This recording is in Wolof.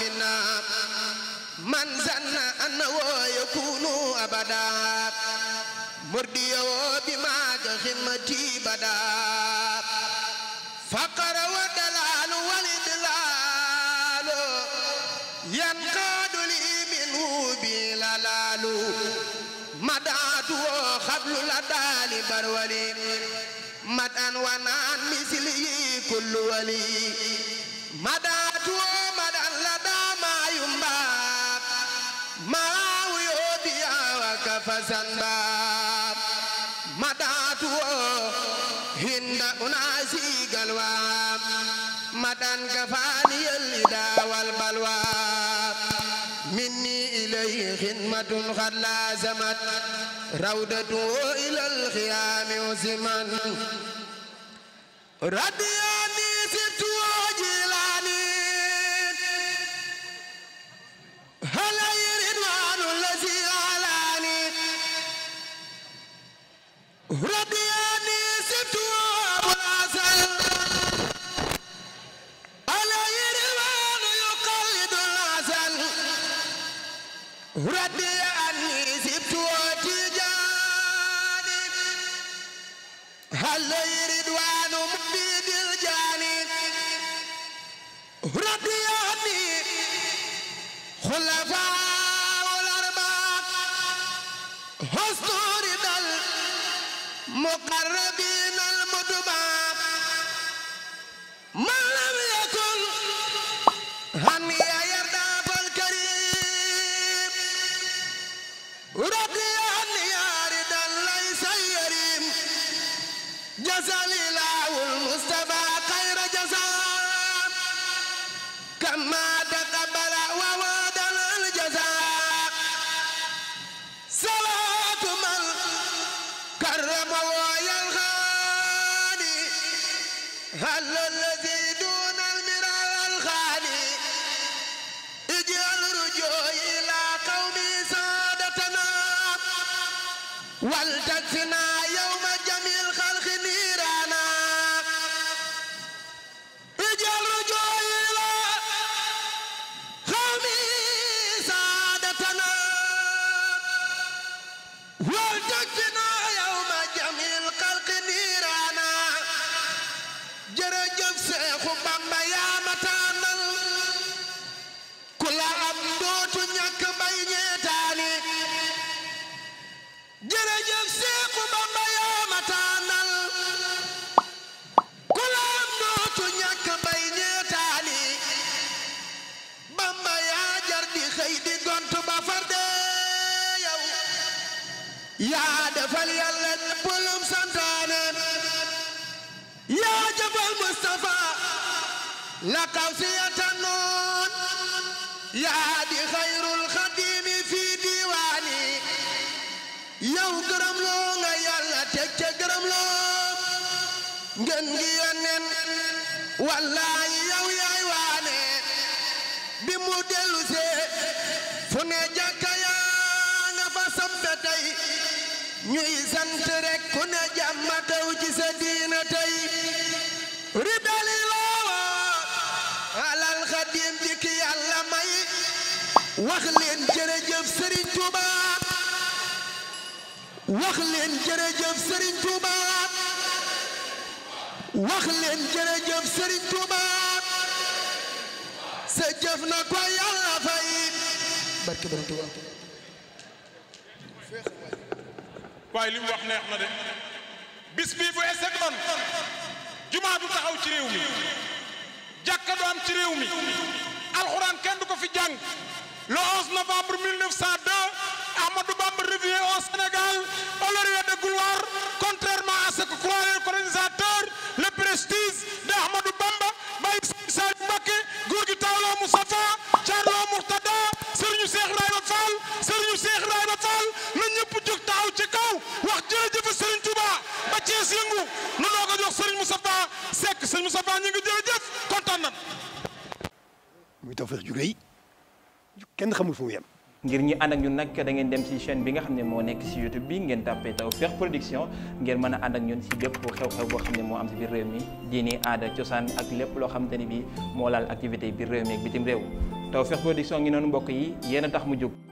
منا من ظن أنه يكون أبدا مردي بما خدمتي بدا فقر ودلال والدلال ينقاد لي منه بلالال مدعته قبل لدال برولي مدعن ونان مثلي كل ولي مدعن نفسا باب مدعته هند أناسي قلوام مدن كفاني الإداء والبلوى مني إليه خدمة قد لازمت روضته إلى الخيام وزمن رضي ربي أني سبت وتجاني هل رضوان مبيد الجاني ربي أني خلفاء الأربعة حسن المقربين المدبان ربي أن يارد ليس يريم جزا الله المصطفى خير جزا كما تقبل ووعد الجزاء صلاة من كرم ويا الغالي هل الذي هل تتنا يوم جاء muccu ñàkk bay ñeetaani bamba yaa jar di xëy di gont ba far dee yow yaa defal yàlla bulum santaane yaa jëfal Mustafa la kaw si ya tanoon yaa di xëy wallaahi yow yaay waane bi mu dellu see fu ne jàkka yaa nga fa sampe tey ñuy sant rek ne jàmma taw ci sa diina tey ribali loo alal xadim di ki yàlla may wax leen jërëjëf Serigne Touba wax leen jërëjëf Serigne Touba wax leen jërëjëf Serigne Touba sa jëf na ko fay barke Borom Touba waaye li wax neex na de esek man jumaa taxaw ci réew du am ci réew mi kenn du ko fi jàng le 11 novembre 1902 Ahmadou Bamba revient au Sénégal honoré de gloire xol na ñëpp jóg taxaw ci kaw wax jërëjëf Serigne Touba ba Thiès yëngu nu loo ko jox Serigne Moustapha Seck Serigne Moustapha ñu ngi jërëjëf kontaan nan muy Tawfekh ju rëy kenn xamul fu mu ngir ñi ànd ñun nag dangeen dem ci chaîne bi nga xam ne moo nekk ci YouTube bi ngeen tàppee Tawfekh Production ngeen mën a ànd ak ñun ci bépp xew-xew boo xam ne moo am biir réew mi diini aada cosaan ak lépp loo xamante ni bi moo laal activité biir réew mi ak bitim réew Tawfekh mu